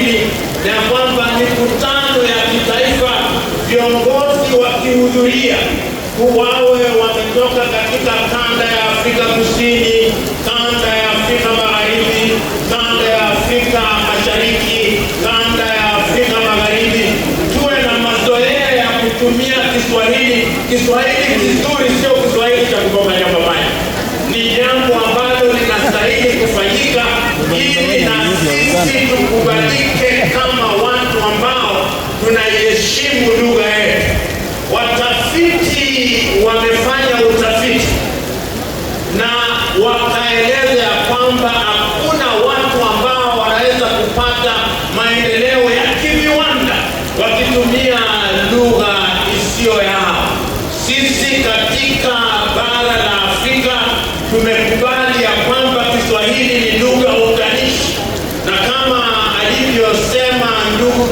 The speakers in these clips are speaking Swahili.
hili na kwamba mikutano ya kitaifa viongozi wakihudhuria wawe wametoka katika kanda ya Afrika Kusini, kanda ya Afrika Magharibi, kanda ya Afrika Mashariki, kanda ya Afrika Magharibi. Tuwe na mazoea ya kutumia Kiswahili, Kiswahili kizuri, sio Kiswahili cha kugombania gomania. Ni jambo ambalo ambalo linastahili kufanyika ili na sisi tukubalike kama watu ambao tunaiheshimu lugha yetu.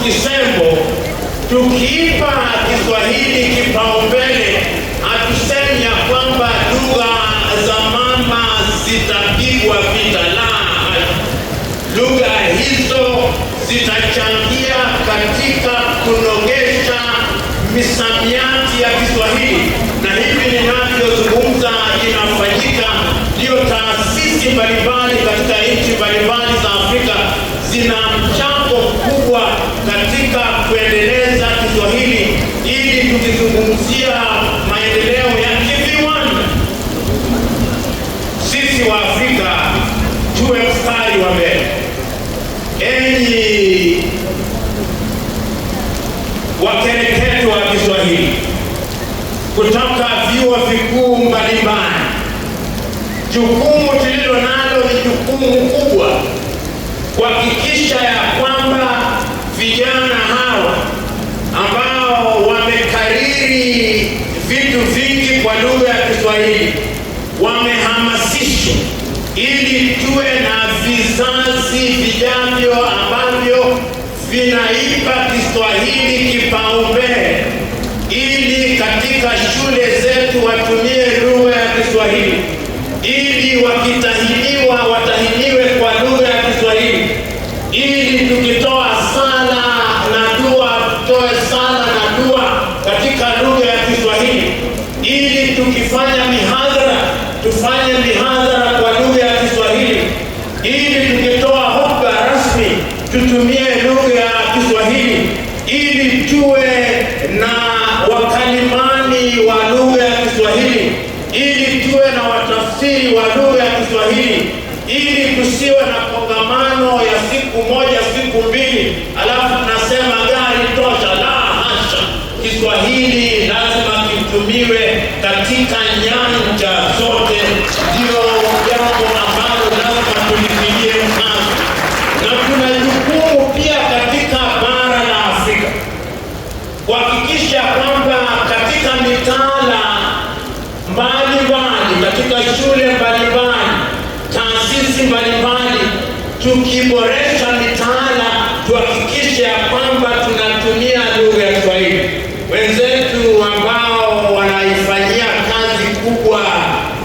kisembo, tukiipa Kiswahili kipaumbele, hatusemi ya kwamba lugha za mama zitapigwa vita, la, lugha hizo zitachangia katika kunogesha misamiati ya Kiswahili, na hivi ninavyozungumza inafanyika. Ndiyo taasisi mbalimbali katika nchi mbalimbali za Afrika zina tukizungumzia maendeleo ya kiviwanda, sisi wa Afrika tuwe mstari wa mbele. Enyi wakereketo wa Kiswahili kutoka vyuo vikuu mbalimbali, jukumu tulilo nalo ni jukumu kubwa kuhakikisha ya Kiswahili kipaumbele, ili katika shule zetu watumie lugha ya Kiswahili, ili wakitahiniwa watahiniwe kwa lugha ya Kiswahili, ili tukitoa sala na dua tutoe sala na dua katika lugha ya Kiswahili, ili tukifanya mihadhara tufanye mihadhara kwa lugha ya Kiswahili, ili tukitoa hotuba rasmi tutumie tuwe na wakalimani wa lugha ya Kiswahili ili tuwe na watafsiri wa lugha ya Kiswahili ili kusiwe na kongamano ya siku moja siku mbili, alafu tunasema gari tosha. La hasha, Kiswahili lazima kitumiwe katika nyanja katika shule mbalimbali, taasisi mbalimbali, tukiboresha mitaala tuhakikishe ya kwamba tunatumia lugha ya Kiswahili. Wenzetu ambao wanaifanyia kazi kubwa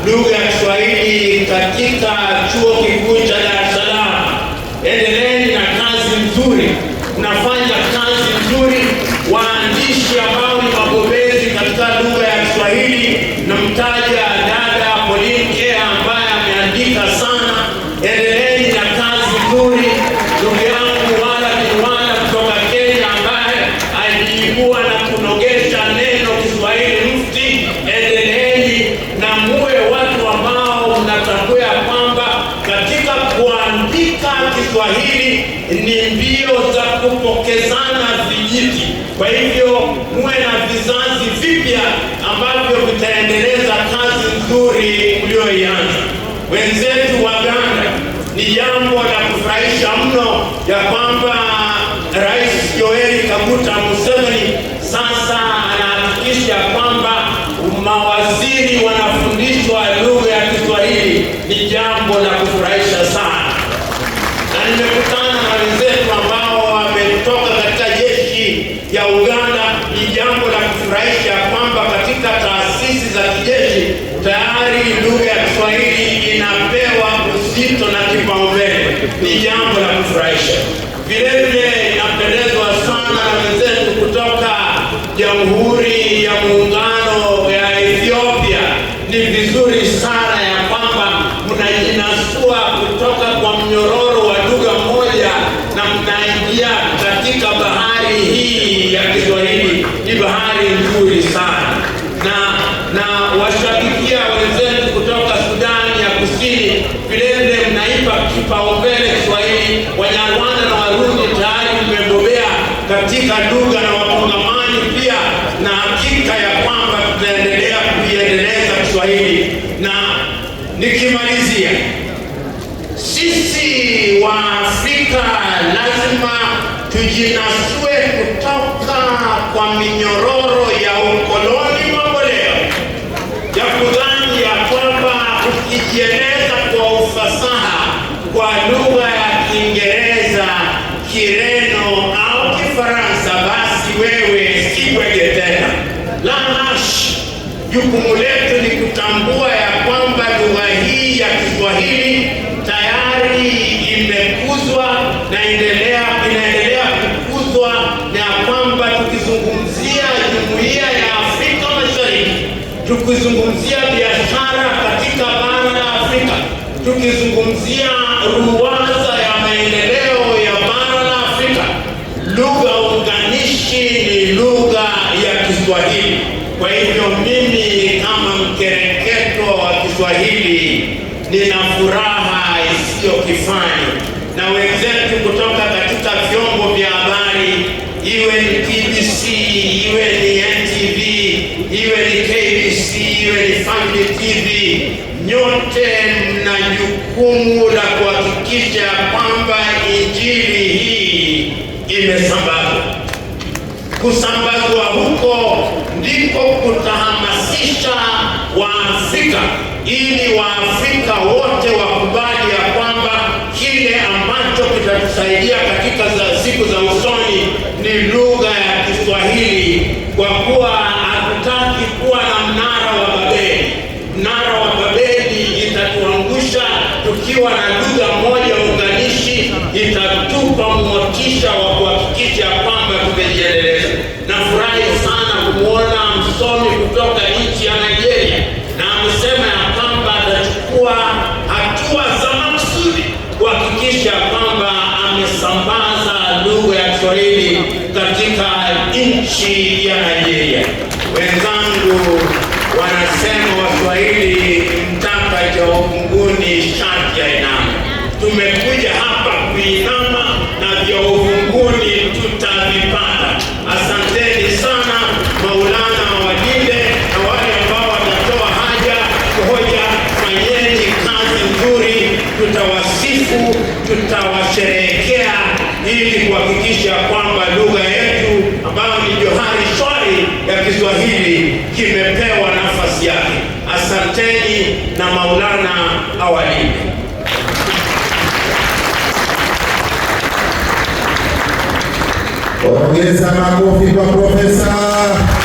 lugha ya Kiswahili katika chuo kikuu cha Dar es Salaam, endeleni na kazi nzuri, unafanya kazi nzuri waandishi ambao wetu Uganda ni jambo la kufurahisha mno ya kwamba Rais Yoweri Kaguta Museveni sasa anahakikisha kwamba mawaziri wanafundishwa lugha ya Kiswahili. Ni jambo la kufurahisha sana, na nimekutana na wenzetu ambao wametoka katika jeshi ya Uganda lugha ya Kiswahili inapewa uzito na kipaumbele, ni jambo la kufurahisha. Vilevile inapendezwa sana na wenzetu kutoka Jamhuri ya Muungano ya Ethiopia, ni vizuri Wanyarwanda na Warundi tayari mmebobea katika lugha na wakongamano pia, na hakika ya kwamba tutaendelea kuiendeleza Kiswahili. Na nikimalizia, sisi wa Afrika lazima tujinasue kutoka kwa minyororo ya ukoloni mamboleo ya kudhani ya kwamba tukijiendea Kireno au Kifaransa, basi wewe si tena. La hash! Jukumu letu ni kutambua ya kwamba lugha hii ya Kiswahili tayari imekuzwa na endelea, inaendelea kukuzwa na kwamba tukizungumzia jumuiya ya Afrika Mashariki, tukizungumzia biashara katika bara la Afrika, tukizungumzia ruwaza ya maendeleo Lugha unganishi ni lugha ya Kiswahili. Kwa hivyo mimi kama mkereketo wa Kiswahili nina furaha isiyo kifani, na wenzetu kutoka katika vyombo vya habari, iwe ni TBC, iwe ni NTV, iwe ni KBC, iwe ni Family TV, nyote mna jukumu la kuhakikisha kwamba injili hii imesambazwa. Kusambazwa huko ndiko kutahamasisha Waafrika ili Waafrika wote wakubali ya kwamba kile ambacho kitatusaidia katika za siku za usoni ni lugha ya Kiswahili, kwa kuwa hatutaki kuwa na mnara wa Babeli. Mnara wa Babeli itatuangusha tukiwa na lugha Kiswahili katika nchi ya Nigeria. Wenzangu wanasema Waswahili, mtaka cha ufunguni shati ya inama. Tumekuja hapa kuinama na vya ufunguni tutavipata. Asanteni sana Maulana Mawadinde na wale ambao watatoa haja kuhoja, fanyeni kazi nzuri, tutawasifu tutawasherekea ili kuhakikisha kwamba lugha yetu ambayo ni johari shwari ya Kiswahili kimepewa nafasi yake. Asanteni na Maulana awalinde. Ongeza makofi kwa profesa.